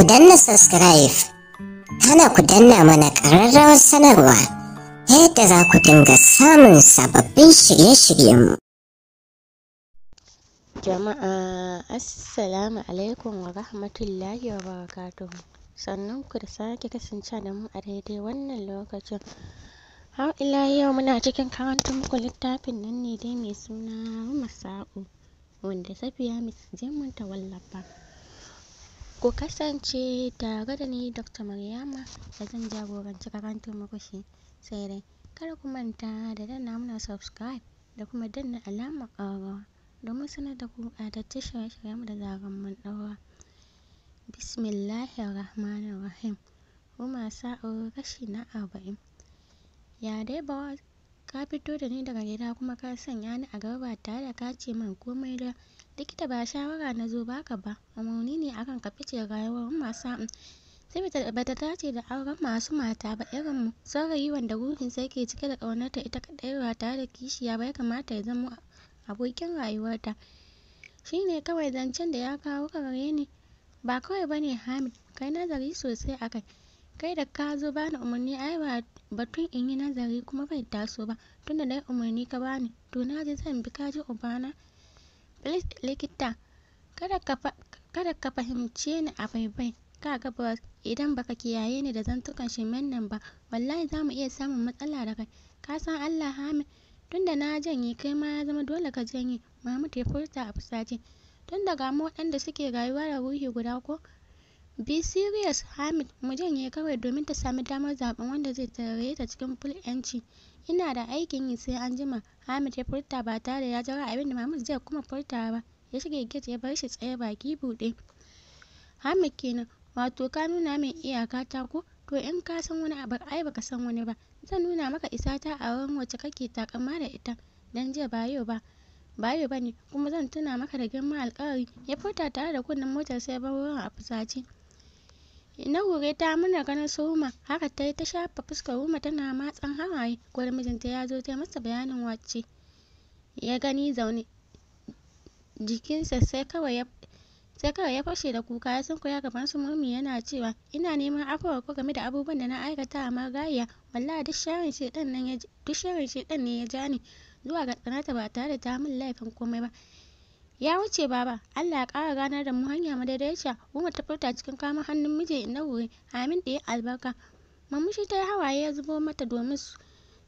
ku danna subscribe hana ku danna mana ƙararrawar sanarwa ta yadda za ku dinga samun sababbin shirye-shiryenmu. Jama'a Assalamu alaikum wa rahmatullahi wa barakatuhu sannan ku da sake kasance da mu a daidai wannan lokacin. Har ila yau muna cikin karanta muku littafin nan ne dai mai suna Masa'u wanda Safiya Miss Jemun ta wallafa. Ku kasance tare da ni Dr. Maryama da zan jagoranci karantar muku shi. Sai dai kar ku manta da danna mana subscribe da kuma danna alamar ƙararrawa domin sanar da ku ƙayatattun shirye-shiryenmu da zaran mun ɗaura. Bismillahir Rahmanir Rahim. Ruma sa'o kashi na arba'in. Ya dai ba ka fito da ni daga gida kuma ka sanya ni a gaba tare da ka ce min komai da likita ba shawara na zo baka ba umarni ne akan ka fice rayuwar masu sai ba ta dace da auren masu mata ba irin mu saurayi wanda sai ke cike da ƙaunarta ita kaɗai ba tare da kishiya ba ya kamata ya zama abokin rayuwarta shine kawai zancen da ya kawo ka gare ni ba kawai bane Hamid kai nazari sosai akai kai da ka zo bani umarni ai ba batun in yi nazari kuma bai taso ba tunda dai umarni ka bani to na ji zan bi ka ji ubana likita kada ka fahimce ni a baibai kaga ba idan baka kiyaye ni da zantukan shimen nan ba wallahi za mu iya samun matsala da kai ka san Allah Hamid tunda na janye kai ma ya zama dole ka janye Mahmud ya furta a fusace tun daga mu waɗanda suke rayuwa da ruhi guda ko Be Sirius Hamid mu janye kawai domin ta sami damar zaben wanda zai tarairaye ta cikin full 'yanci. Ina da aikin yi sai an jima, Hamid ya furta ba tare da ya jira abin da zai kuma furtawa ba, ya shige gate ya bar shi tsaye baki buɗe. Hamid kenan, wato ka nuna min iyaka ta ko? To in ka san wani abu ai baka san wani ba, zan nuna maka isa ta a wurin wacce kake takama da ita, dan jiya ba yau ba. ba bane kuma zan tuna maka da girman alkawari ya furta tare da kunnen motar sai bar wurin a fusace. na gore ta murna ganin su Ruma haka ta yi ta shafa fuskar Ruma tana matsan hawaye gwar mijinta ya zo ta masa bayanin wacce ya gani zaune jikinsa sai kawai ya sai kawai ya fashe da kuka ya sunkuya gaban su mummi yana cewa ina neman afuwa ko game da abubuwan da na aikata a margayya wallahi duk sharin shi nan ya duk sharin ne ya ja ni zuwa ga tsanata ba tare da ta min laifin komai ba ya wuce baba Allah ya kara ganar da mu hanya madaidaiciya mu ta furta cikin kama hannun miji na wuri Amin da ya albarka mamushi ta hawaye ya zubo mata domin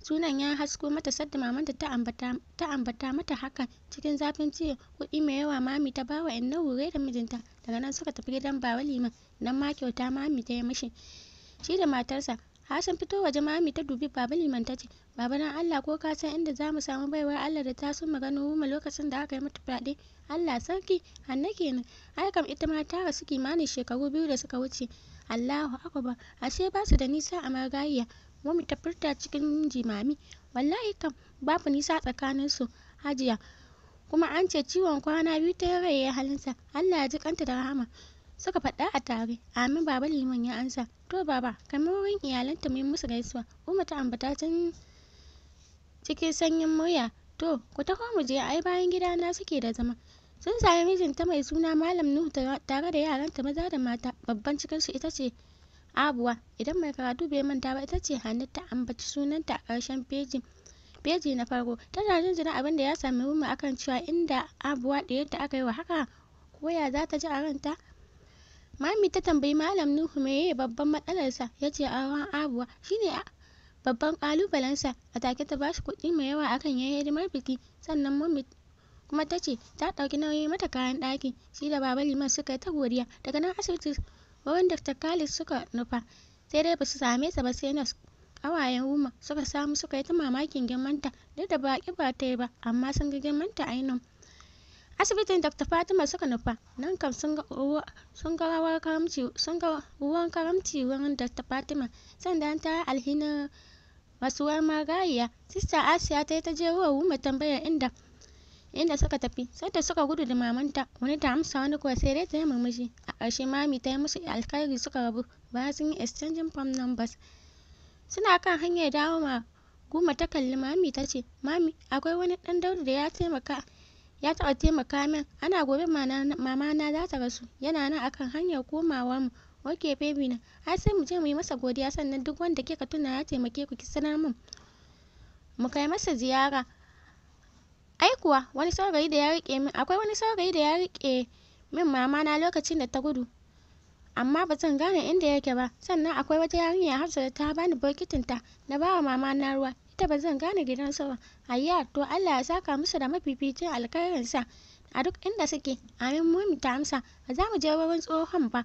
sunan ya hasko mata sadda mamanta ta ambata ta ambata mata haka cikin zafin ciye kuɗi mai yawa mami ta bawa inna wure da mijinta daga nan suka tafi gidan bawa liman nan ma kyauta mami ta yi mishi shi da matarsa Hassan fito waje mami ta dubi Baba Liman ta ce, Baba dan Allah ko ka san inda zamu samu baiwar Allah da ta so magana lokacin da aka yi mata fyaɗe? Allah sarki, Hanna kenan. Ai kam ita ma ta rasu kimanin shekaru biyu da suka wuce. Allahu akbar, ashe ba su da nisa a margayya. Mami ta furta cikin jimami. Wallahi kam babu nisa tsakanin su. Hajiya, kuma an ce ciwon kwana biyu ta raye halinsa. Allah ya ji kanta da rahama. suka faɗa a tare amin baba liman ya ansa to baba kamar wurin iyalanta mai musu gaisuwa umma ta ambata can cikin sanyin murya to ku taho mu je ai bayan gida na suke da zama sun sami mijinta mai suna malam nuhu tare da yaranta maza da mata babban cikinsu ita ce abuwa idan mai karatu bai manta ba ita ce hannu ta ambaci sunanta a ƙarshen peji na farko tana jina abin da ya sami rumu akan cewa inda abuwa ɗayarta aka yi wa haka koya za ta ji a ranta Mami ta tambayi Malam Nuhu me yaya babban matsalarsa, ya ce auren Abuwa shi ne babban kalubalensa a take ta bashi kuɗi mai yawa akan ya yi hidimar biki, sannan mami kuma ta ce ta ɗauki nauyin mata kayan ɗaki, shi da Baba Liman suka yi ta godiya, daga nan asibiti wurin da Khalid suka nufa, sai dai ba su same ta ba sai nas ƙawayen Wuma suka samu suka yi ta mamakin girmanta, duk da ba ta yi ba, amma sun ga girmanta ainihin asibitin Dr. Fatima suka nufa, nan kam sun ga ruwan karamci wurin Dr. Fatima, sannan ta alhina masu rasuwar marigayya. Sista Asiya ta yi ta je wa wuma tambayar inda inda suka tafi sai ta suka gudu da mamanta wani ta amsa wani kuwa sai dai ta yi murmushi a ƙarshe mami ta yi musu alkhairi suka rabu bayan sun yi exchanging phone numbers suna kan hanyar dawo ma guma ta kalli mami ta ce mami akwai wani ɗan daudu da ya taimaka ya taɓa taimaka min ana gobe mama na za ta rasu yana nan akan hanyar komawa mu ok baby na ai sai mu je mu yi masa godiya sannan duk wanda kika tuna ya taimake ku ki sanar min mu kai masa ziyara ai kuwa wani saurayi da ya riƙe min akwai wani saurayi da ya riƙe min mama na lokacin da ta gudu amma ba zan gane inda yake ba sannan akwai wata yarinya hafsa da ta bani bokitinta na bawa mama na ruwa yadda ba zan gane gidansa ba hayya to Allah ya saka musu da mafificin sa a duk inda suke amin mu ta amsa ba za mu je wurin tsohon ba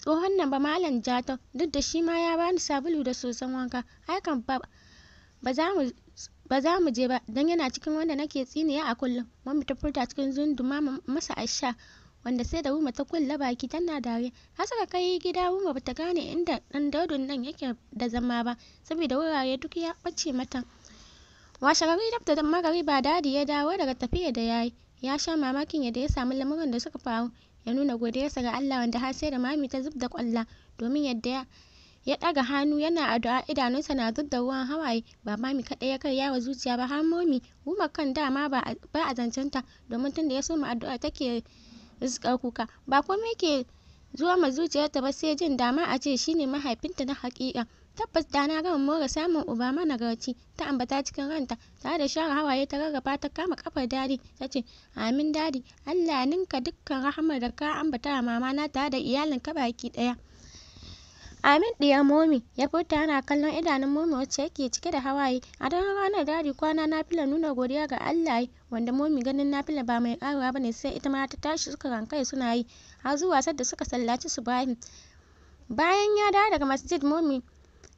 tsohon nan ba malam jatau duk da shi ma ya bani sabulu da sosan wanka ai kan ba ba za mu ba za mu je ba don yana cikin wanda nake tsiniya a kullum mu ta furta cikin zunduma masa asha wanda sai da Ruma ta kulle baki tana dariya. Har suka kai gida Ruma bata gane inda ɗan daudun nan yake da zama ba saboda wurare duk ya ɓace mata. washegari gari da ba dadi ya dawo daga tafiya da yayi. Ya sha mamakin yadda ya samu lamuran da suka faru. Ya nuna godiyarsa ga Allah wanda har sai da mami ta zub da kwalla domin yadda ya ya ɗaga hannu yana addu'a idanunsa na duk da ruwan hawaye ba mami kadai ya karya wa zuciya ba har momi umar kan dama ba a zancenta domin tun da ya soma addu'a take rizkar kuka ba komai ke zuwa ma zuciyarta ba sai jin dama a ce shine mahaifinta na hakika tabbas da na gama more samun uba managarci ta ambata cikin ranta tare da share hawaye ta rarraba ta kama kafar dadi ta ce amin dadi allah ninka dukkan rahama da ka ambata wa mama na tare da iyalin ka baki daya Amin ɗiya momi, ya furta yana kallon idanun momi wacce yake cike da hawaye. A daren ranar dadi kwana fila nuna godiya ga Allah wanda momi ganin Nafila ba mai ba bane sai ita ma ta tashi suka rankai suna yi har zuwa da suka sallaci su subahin. Bayan ya dawo daga masjid momi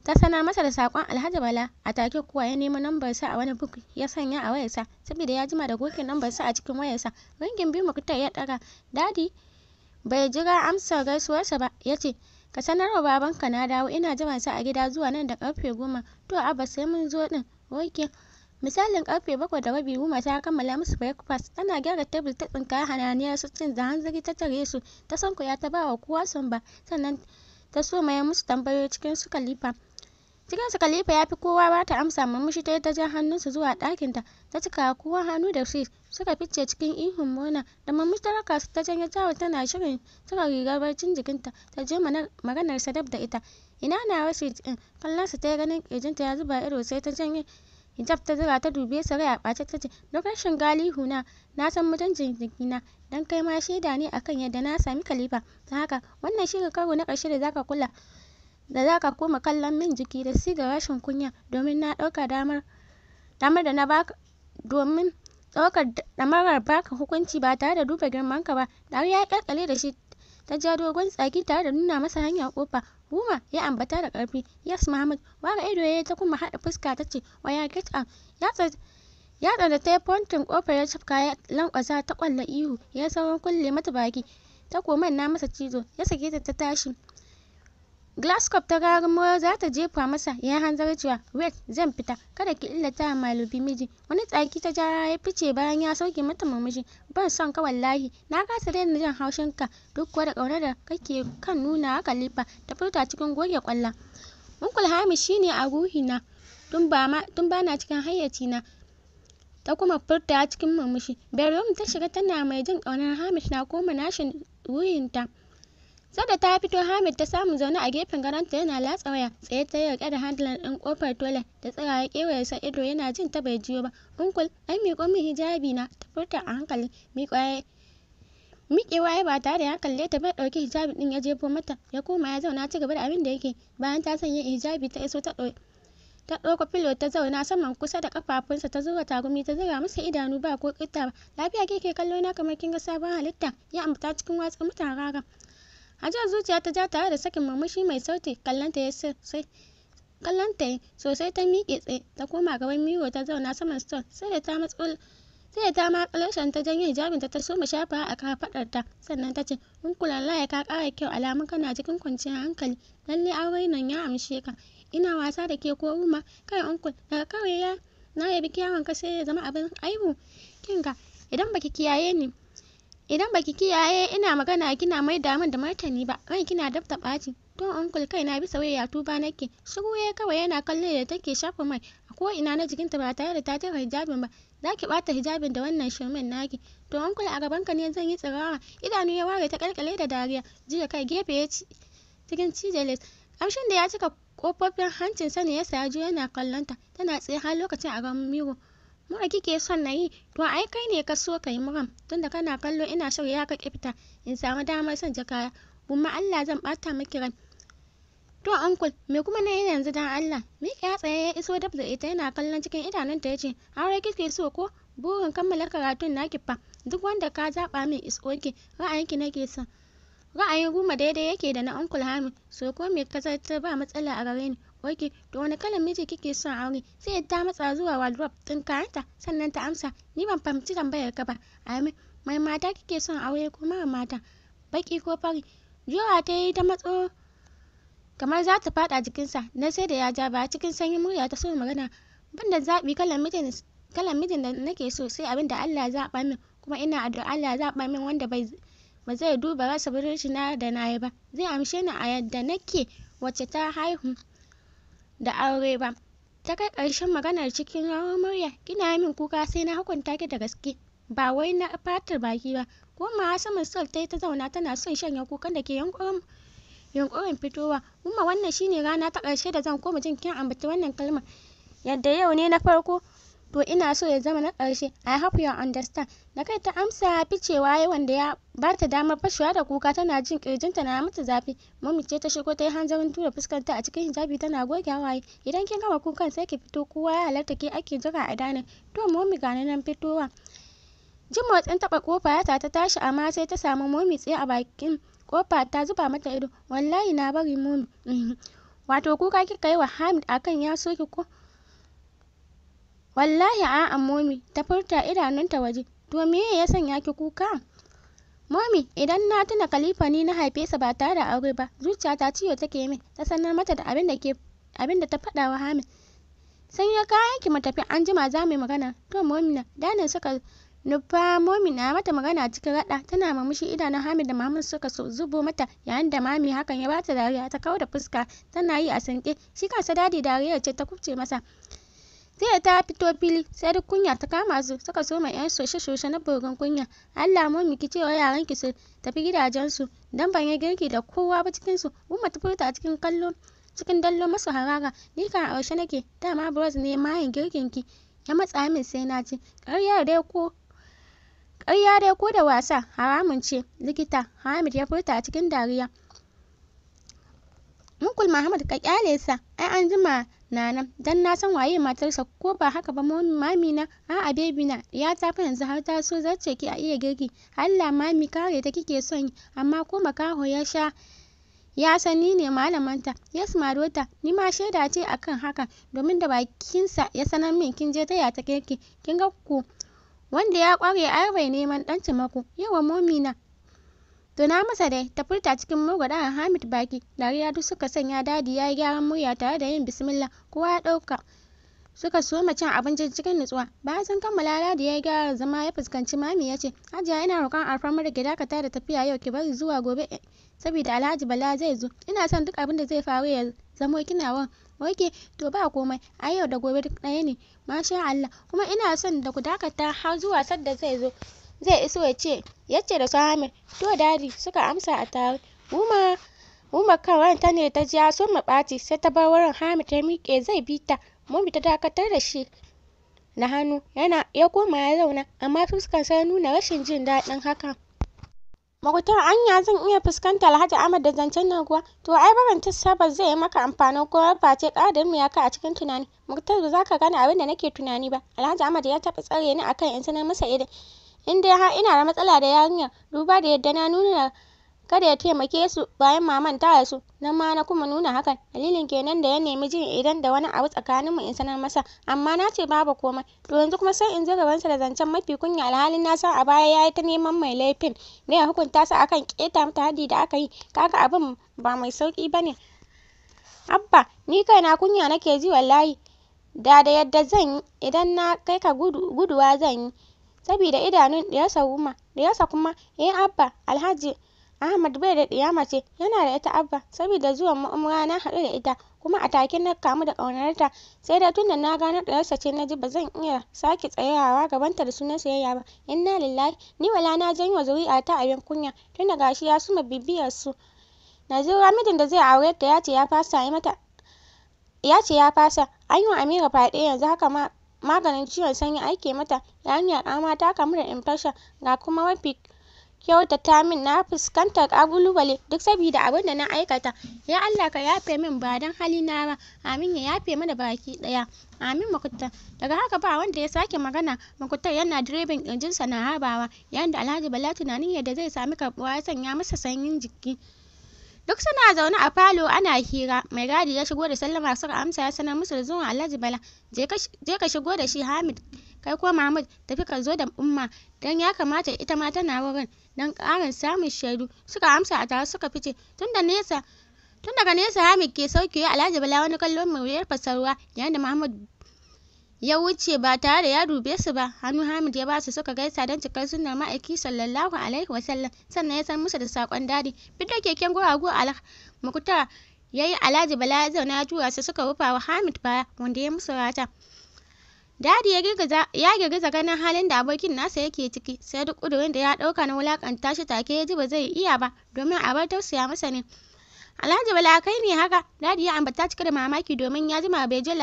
ta sanar masa da sakon Alhaji Bala a take kuwa ya nemi nambar sa a wani buk ya sanya a wayarsa saboda ya jima da goge nambar sa a cikin wayarsa ringin mu muktar ya ɗaga dadi bai jira amsar gaisuwarsa ba yace Ka sanarwa babanka na dawo ina sa a gida zuwa nan da karfe goma. To Abba sai mun zo din oke Misalin karfe bakwai da rabi goma ta kammala musu breakfast tana gyara tebul ta tsinka hananiyar su cin da hanzari ta tare su ta san ya ta ba wa kowa ba sannan ta so mayar musu tambayoyi cikin su kalifa Cikin su kalifa ya fi kowa ba ta amsa murmushi ta yi ta ja hannunsa zuwa ɗakinta ta cika kowa hannu da swiss suka fice cikin ihun murna da murmushi ta raka ta janyo jawo tana shirin cika rigar barcin jikinta ta je maganar sadab da ita ina na sweet eh, din kallon su ta ganin ƙirjinta ya zuba ido sai ta janye hijab ta zira ta dube su rai a ɓace ta ce lokacin galihu na na san mutuncin jikina dan kai ma shaida ne akan yadda na sami kalifa ta haka wannan shirin karo na karshe da zaka kula da zaka koma kallon min jiki da siga rashin kunya domin na ɗauka damar damar da na baka domin ɗaukar ɗamarar baka hukunci ba tare da duba girmanka ba dariya ya ƙyalƙyale da shi ta ja dogon tsaki tare da nuna masa hanyar ƙofa. Buma ya ambata da ƙarfi yes Muhammad wara ido ya yi ta kuma haɗa fuska ta ce waya get out ya da ta fontin kofar ya cafka ya lankwasa ta kwalla ihu ya sauran kulle mata baki ta koman na masa cizo ya sake ta ta tashi Glasgow ta raramar za ta jefa masa ya hanzari cewa West zan fita kada ki illata malubi miji wani tsaki ta jara ya fice bayan ya sauke mata murmushi ban son ka wallahi na kasa daina jin haushin ka duk kuwa da ƙaunar da kake kan nuna a kalifa ta furta cikin goge kwalla Unkul Hamish shine a ruhina tun ba na tun bana cikin hayyacina ta kuma furta cikin murmushi. Bayan ta shiga tana mai jin ƙaunar Hamish na koma nashin ruhinta. sada ta fito Hamid ta samu zaune a gefen ta yana latsa waya tsaye ta yi riƙe da handle ɗin kofar toilet da tsirawa kewaye sa ido yana jin ta bai jiyo ba. Uncle, ai miƙo min hijabi na ta furta a hankali miƙo miƙewa ya ba tare da ya kalle ta ba ɗauki hijabi ɗin ya jefo mata ya koma ya zauna ci gaba da abin da yake bayan ta sanya hijabi ta iso ta ɗauki ta ɗauko filo ta zauna saman kusa da kafafunsa ta zuba tagumi ta zura masa idanu ba ko ƙitta ba lafiya kike kallo na kamar kin ga sabon halitta ya ambata cikin watsa mutan raga a jihar zuciya ta ja tare da sakin murmushi mai sauti kallanta ya sosai ta miƙe tsaye ta koma gaban miro ta zauna saman stone sai da ta matsul sai da ta ta janye hijabin ta soma shafa a kafaɗar ta sannan ta ce in kulalla ya ka kara kyau alamun kana cikin kwanciyar hankali lalle aure nan ya amshe ka ina wasa da ke ko ruma kai uncle daga kawai ya na yabi kyawun ka sai ya zama abin aibu kinga idan baki kiyaye ni idan baki kiyaye ina magana kina mai da min da martani ba ran kina dab ɓaci to uncle kai na bisa waya tuba nake shiru ya kawai yana kallon da take shafa mai a ko ina na ta ba tare da ta tara hijabin ba zaki bata hijabin da wannan shirmin naki to uncle a gaban ka ne zan yi tsirawa. idanu ya ware ta kalkale da dariya jiya kai gefe ya ci cikin cijeles amshin da ya cika kofofin hancin sani ya sa yana kallon ta tana tsaye har lokacin a ran miro mura kike son na yi to ai kai ne ka so ka yi muran tunda kana kallo ina shirya ka fita in samu damar son jakaya kuma Allah zan bata miki rai to uncle me kuma na yanzu dan Allah me ya tsaye ya iso da ita yana kallon cikin idanun idanunta yace aure kike so ko burin kammala karatun naki fa duk wanda ka zaba min is okay ra'ayinki nake son ra'ayin goma daidai yake da na uncle hamid so ko me ka ba matsala a gare ni oke to wani kalan miji kike son aure sai ta matsa zuwa wardrobe ɗin kayanta sannan ta amsa ni ban fahimci tambayar ka ba amin mai mata kike son aure ko mara mata baki ko fari jowa ta yi ta matso kamar za ta faɗa jikinsa na sai da ya ja ba cikin sanyin murya ta so magana ban da zaɓi kalan mijin kalan mijin da nake so sai abin da Allah ya zaɓa min kuma ina addu'a Allah ya zaɓa min wanda bai ba zai duba rasa budurci na da na yi ba zai amshe ni a yadda nake wacce ta haihu da aure ba ta kai ƙarshen maganar cikin rawar murya kina min kuka sai na hukunta ki da gaske ba wai na fatar baki ba goma saman sol ta ta zauna tana son shanya kukan da ke yankurin fitowa kuma wannan shine rana ta ƙarshe da zan koma jin kin ambaci wannan kalmar yadda yau ne na farko to ina so ya zama na ƙarshe i hope you understand da kai ta amsa ficewa yi wanda ya ba ta damar fashewa da kuka tana jin ƙirjinta na mata zafi mami ce ta shigo ta yi hanzarin tura fuskanta a cikin hijabi tana goge hawaye idan kin gama kukan sai ki fito kowa ya halarta ke ake jira a danin to momi ga nan fitowa jin motsin taɓa kofa ya ta tashi amma sai ta samu momi tsaye a bakin kofa ta zuba mata ido wallahi na bari momi wato kuka kika yi wa hamid akan ya soki ko Wallahi a'a momi ta furta idanunta waje. To meye ya sanya ki kuka? momi idan na tuna kalifa ni na haife sa ba tare da aure ba, zuciyata ciwo take min. Ta sanar mata da abin da ke abin ta faɗa wa Hamid. Sai ya kayan ki mu tafi an jima za mu magana. To momi na, dana suka nufa momi na mata magana cikin raɗa, tana mamushi idanun Hamid da mamun suka so zubo mata yayin da Mami hakan ya bata dariya ta kawo da fuska tana yi a sanke. Shi kansa dadi dariyar ce ta kubce masa. sai da ta fito fili sai duk kunya ta kama su suka soma yan soshe-soshe na bogon kunya Allah mu miki cewa yaran ki su tafi gidajen su dan ban yi girki da kowa ba cikin su umma ta furta cikin kallo cikin dallo masu harara ni kan a nake dama bros ne mayin girkin ki ya matsa min sai na ci ƙarya dai ko ƙarya dai ko da wasa haramun ce likita Hamid ya furta a cikin dariya Mukul Muhammad ka kyale sa ai an jima nana dan na san waye matarsa ko ba haka ba mami na a'a baby na ya ta fa yanzu har ta so zace ki a iya girki Allah mami kare ta kike son amma ko makaho ya sha ya sani ne ne malamanta yes madota ni ma shaida ce akan haka domin da bakinsa ya sanar min kin je taya ta girki kin ga ku wanda ya kware ai bai neman dan mako yawa momi na To na masa dai, ta furta cikin murgwada a Hamid baki, dariya duk suka sanya dadi ya yi gyaran murya tare da yin bismillah kowa ya ɗauka. Suka soma cin abincin cikin nutsuwa, bayan sun kammala dadi ya yi gyaran zama ya fuskanci mami ya ce, Hajiya ina roƙon alfarmar ki dakata da tafiya yau ki bari zuwa gobe eh, saboda Alhaji Bala zai zo, ina son duk abin da zai faru ya zamo kina wa ok to ba komai a yau da gobe duk ɗaya ne masha Allah kuma ina son da ku dakata har zuwa sadda zai zo zai iso ya ce yace da su Ahmed to dadi suka amsa a tare Uma kan kawanta ne ta jiya sun mabaci sai ta bar wurin Hamid ta miƙe zai bi ta Mummy ta dakatar da shi na hannu yana ya koma ya zauna amma fuskar sai nuna rashin jin daɗin hakan makutar anya zan iya fuskantar alhaji ahmad da zancen nan kuwa to ai barin ta zai maka amfanin ko face mu ya ka a cikin tunani muktar ba za gane abin da nake tunani ba alhaji ahmad ya taɓa tsare ni akan in sanar masa idan in dai har ina da matsala da yarinya. duba da yadda na nuna kada ya taimake su bayan maman ta su. nan ma na kuma nuna hakan dalilin kenan da ya nemi jin idan da wani abu tsakanin mu in sanar masa amma na ce babu komai to yanzu kuma sai in zo gabansa da zancen mafi kunya alhalin na san a baya yayi ta neman mai laifin da ya hukunta su akan keta mata hadi da aka yi kaga abin ba mai sauki bane abba ni kai na kunya nake ji wallahi da da yadda zan yi idan na kai ka guduwa zan yi saboda idanun ɗiyarsa kuma ɗiyarsa kuma eh abba alhaji Ahmad bai da ɗiya mace yana da ita abba saboda zuwan mu na haɗu da ita kuma a take na kamu da ƙaunarta sai dai tunda na gano ɗiyarsa ce na ji ba zan iya sake tsayawa gabanta da sunan soyayya ba inna lillahi ni wala na janyo ta abin kunya tunda gashi ya suma bibiyar su Najeriya mijin da zai aure ta ya ce ya fasa yi mata ya ya fasa an yi wa Amira fyaɗe yanzu haka ma maganin ciwon sanyi ake mata yarinyar ama ta kamu da infection ga kuma mafi kyautata min na fuskantar ƙalubale duk saboda abin da na aikata ya Allah ka yafe min ba dan na ba amin ya yafe mana baki ɗaya amin mukutta daga haka ba wanda ya sake magana mukuttar yana direbin ƙirjinsa na habawa yayin da Alhaji Bala tunanin yadda zai sami karɓuwa ya sanya masa sanyin jiki Duk suna zaune a falo ana hira, mai gadi ya shigo da sallama suka amsa ya sanar musu da zuwan Alhaji Bala. Je ka shigo da shi Hamid, kai ko Mahmud tafi ka zo da Umma don ya kamata ita ma tana wurin don ƙarin samun shaidu. Suka amsa a tare suka fice tun da nesa Tun daga nesa Hamid ke sauke Alhaji Bala wani kallon mai wuyar fasarwa yayin da Mahmud ya wuce ba tare da ya dube su ba hannu hamid ya ba su suka gaisa don cikar sunnar ma'aiki sallallahu alaihi wasallam sannan ya san musu da sakon dadi fito keken guragu a makuta ya yi alhaji bala ya zauna ya tura su suka rufa wa hamid baya wanda ya musu rata dadi ya girgiza ganin halin da abokin nasa yake ciki sai duk ƙudurin da ya dauka na wulakanta shi take ya ji ba zai iya ba domin a bar tausaya masa ne Alhaji Bala kai ne haka? Dadi ya ambata cike da mamaki domin ya jima bai ji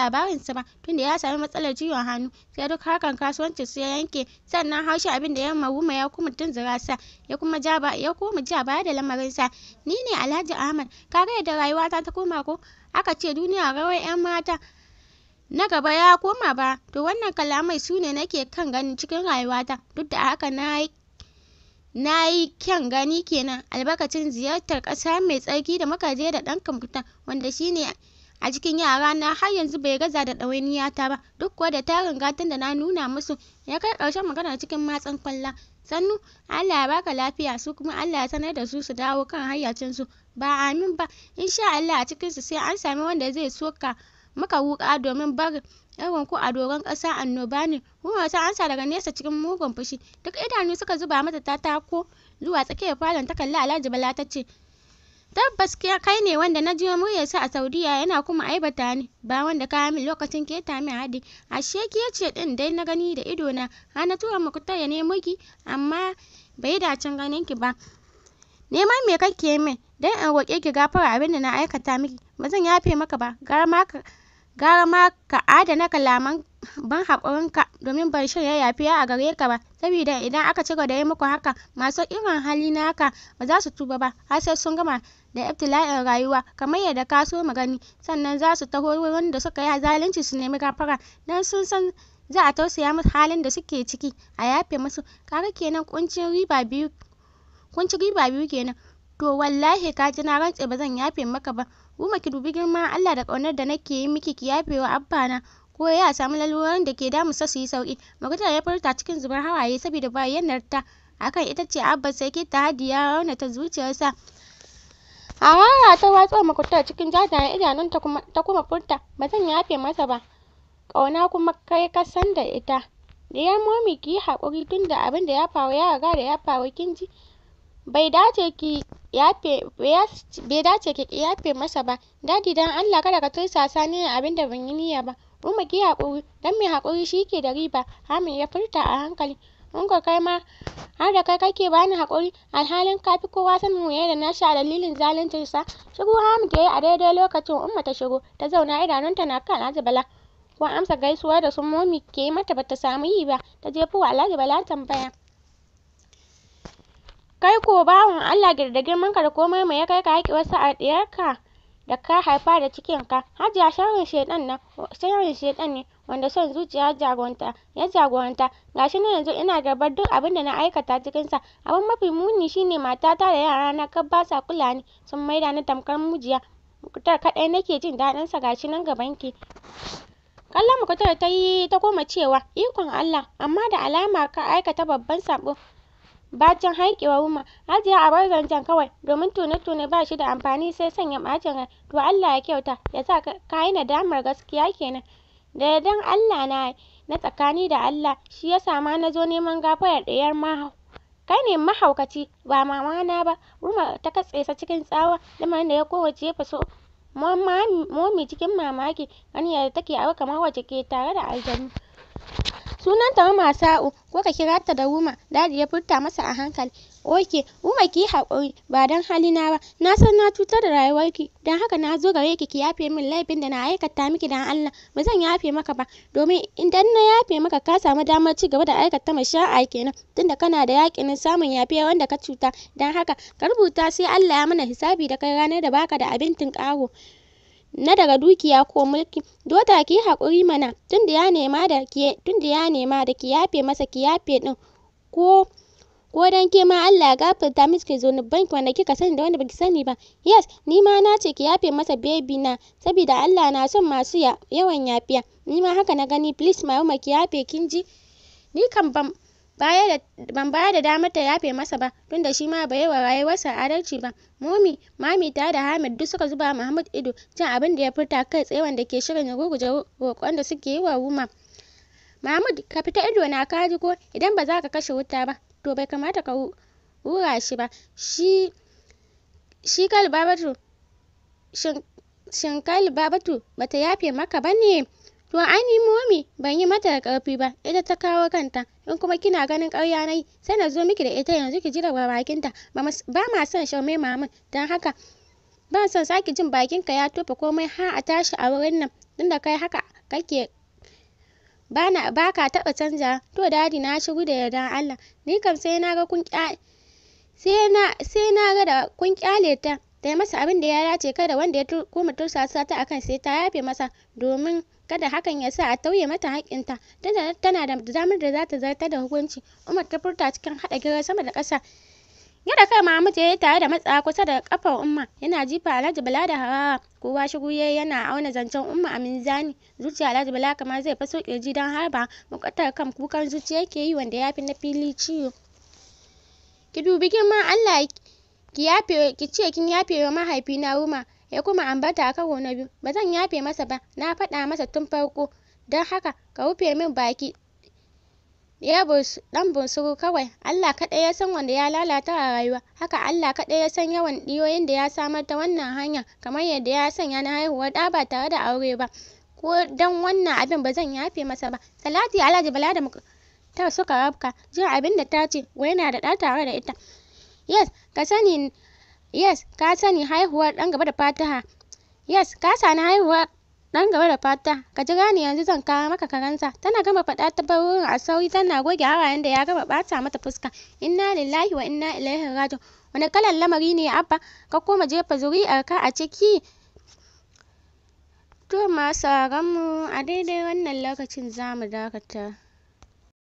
sa ba tunda ya sami matsalar ciwon hannu sai duk hakan kasuwancin su ya yanke sannan haushi abin da yamma wuma ya kuma tunzura sa ya kuma ja ba ya kuma ja baya da lamarin sa. Ni ne Alhaji Ahmad ka ga yadda rayuwata ta koma ko? Aka ce duniya rawar 'yan mata. na gaba ya koma ba to wannan kalamai su ne nake kan ganin cikin rayuwata duk da haka na na yi kyan gani kenan albarkacin ziyartar ƙasa mai tsarki da muka je da ɗan kamfuta wanda shine a cikin yara na har yanzu bai gaza da ɗawainiyata ba duk kuwa da tarin gatan da na nuna musu ya kai ƙarshen maganar cikin matsan kwalla sannu Allah ya baka lafiya su kuma Allah ya sanar da su su dawo kan hayyacin su ba amin ba insha Allah a cikin sai an sami wanda zai soka maka wuka domin barin Yawan ko a dogon ƙasa annoba ne, Hummel ta ansa daga nesa cikin mugun fushi, duk idanu suka zuba mata ta tako zuwa tsakiyar falon ta kalli Alhaji Bala ta ce, Tabbas kai ne wanda na ji muryar sa a Saudiya yana kuma aibata ni ba wanda ka min lokacin keta min haɗi ashe ce din dai na gani da ido na har na tura Muktar ya nemo ki amma bai dacin ganin ki ba neman me kake min dan in roƙe ki gafara abin da na aikata miki ba zan yafe maka ba gara ma ka Gara ma ka adana kalaman ban haƙurinka domin ban ya yafiya a gare ka ba, saboda idan aka cigaba da yi muku haka, masu irin hali haka ba za su tuba ba har sai sun gama da iftila'in rayuwa kamar yadda ka so mu gani, sannan za su taho wurin da suka yi zalunci su nemi gafara don sun san za a tausaya musu halin da suke ciki a yafe musu, kare kenan biyu kuncin riba biyu kenan, to wallahi ka ji na rantse ba zan yafe maka ba. Goma ki dubi girma Allah da ƙaunar da nake yi miki ki yafewa abba na. Ko ya samu lalurorin da ke sa su yi sauki. Maganar ya furta cikin zubar hawaye saboda bayyanar ta akan ita ce abba sai ke ta hadiya ta zuciyarsa. wara ta watsa makwabta cikin jajayen idanun ta kuma furta ba zan yafe masa ba. Ƙauna kuma kai ka san da ita. Diyar momi ki yi haƙuri tun da abin da ya faru ya riga da ya faru kin ji. bai dace ki yafe ki yafe masa ba dadi dan Allah kada ka tursasa ni abinda abinda ban yi niyya ba Umma ki haƙuri dan mai haƙuri shi ke da riba Hamid ya furta a hankali Ungo kai ma har da kai kake bani haƙuri alhalin ka fi kowa sanin wuya da na a dalilin sa? shigo Hamid ya yi a daidai lokacin Umma ta shigo ta zauna idanunta na kan Alhaji Bala ko amsa gaisuwa da sun momi ke mata bata samu yi ba ta jefo Alhaji Bala tambaya kai ko bawan Allah da ka da komai mai ya kai ka haƙi wasu a ɗiyarka da ka haifa da cikinka hajiya sharrin shaiɗan nan sharrin shaiɗan ne wanda son zuciya jagoranta ya jagoranta gashi na yanzu ina gabar duk abin da na aikata cikinsa abin mafi muni shine matata da yara na kar ba sa kula ni sun maida ni tamkar mujiya mukutar kaɗai nake jin daɗin sa gashi nan gaban ki. kallon mukutar ta yi ta koma cewa ikon Allah amma da alama ka aikata babban sabo Bacin haikewa Ruma, ajiye a bar zancen kawai domin tone-tone ba shi da amfani sai sanya bacin rai. To Allah ya kyauta, ya sa ka yi nadamar gaskiya kenan. Da dan Allah na na tsakani da Allah, shi ya sama na zo neman gafayar ɗiyar mahau. Kai ne mahaukaci, ba mama na ba. Ruma ta katse sa cikin tsawa, lamarin da ya kowace ya faso. Momi cikin mamaki, hanyar da take aure kamar wace ke tare da aljanu. Sunanta Ruma Sa'u ko ka kira ta da wuma daji ya furta masa a hankali. Oke, umar kiyi haƙuri ba don halina ba, na san na cutar da rayuwarki, dan haka na zo gare ki ki yafe min laifin da na aikata miki dan Allah, ba zan yafe maka ba, domin idan na yafe maka ka samu damar ci gaba da aikata sha'a kenan, tunda kana da yakin samun yafe wanda ka cuta, dan haka ka rubuta sai Allah ya mana hisabi da kai ranar da baka da abin tinƙaro. na daga dukiya ko mulki dota ki haƙuri mana tunda ya nema da ki tunda ya nema da ki yafe masa ki yafe din ko ko dan ke ma Allah ya gafarta miki zunuban bank wanda kika sani da wanda baki sani ba yes ni ma na ce ki yafe masa baby na saboda Allah na son masu yawan yafiya ni ma haka na gani please mama ki yafe kin ji ni kan ban ban ba da damar ta yafe masa ba tunda shi ma bai wa rayuwarsa adalci ba momi mami ta da hamid duk suka zuba mahmud ido jin abin da ya furta kai tsaye wanda ke shirin ya gurguje roƙon da suke yi wa ruma mahmud ka fita ido na kaji ko idan ba za ka kashe wuta ba to bai kamata ka wura shi ba shi shi kalbabatu shin shin bata yafe maka ba ne To ani momi ban yi mata da ƙarfi ba ita ta kawo kanta in kuma kina ganin ƙarya na yi sai na zo miki da ita yanzu ki ji daga bakinta ba ma son shaume mamun don haka ban son sake jin bakinka ya tofa komai har a tashi a wurin nan tunda kai haka kake bana ba ka taɓa canja to dadi na shigo da yardan Allah ni kam sai na ga kun sai na sai na ga da kun kyale ta ta yi masa abin da ya dace kada wanda ya kuma tursasa ta akan sai ta yafe masa domin kada hakan ya sa a tauye mata haƙƙinta tunda tana da damar da za ta zartar da hukunci umar ta furta cikin haɗa gira sama da ƙasa Yadda kai Mahmud ya yi tare da matsa kusa da kafar Umma yana jifa Alhaji Bala da harawa kowa shiru ya yana auna zancen Umma a minzani zuciya Alhaji Bala kamar zai faso ƙirji don harba mukatar kan kukan zuciya yake yi wanda ya fi na fili ciwo. Ki dubi girman Allah ki ce kin yafe wa mahaifina Ruma ya kuma ambata a karo na biyu ba zan yafe masa ba na faɗa masa tun farko don haka ka rufe min baki ya dan bunsuru kawai Allah kaɗai ya san wanda ya lalata a rayuwa haka Allah kaɗai ya san yawan ɗiyoyin da ya samar ta wannan hanya kamar yadda ya sanya na haihuwa ɗa ba tare da aure ba ko dan wannan abin ba zan yafe masa ba Salati Alhaji Bala da ta suka rabka jin abin da ta ce wai yana da ɗa tare da ita yes ka sani yes ka sani haihuwar ɗan gaba da fataha yes ka sani haihuwar ɗan gaba da fata ka jira ni yanzu zan kawo maka karanta tana gama faɗa ta bar wurin a sauri tana goge hawayen da ya gama ɓata mata fuska inna lillahi wa inna ilaihi raji'un wani kalan lamari ne abba ka koma jefa zuri'ar ka a ciki to masu mu a daidai wannan lokacin za mu dakata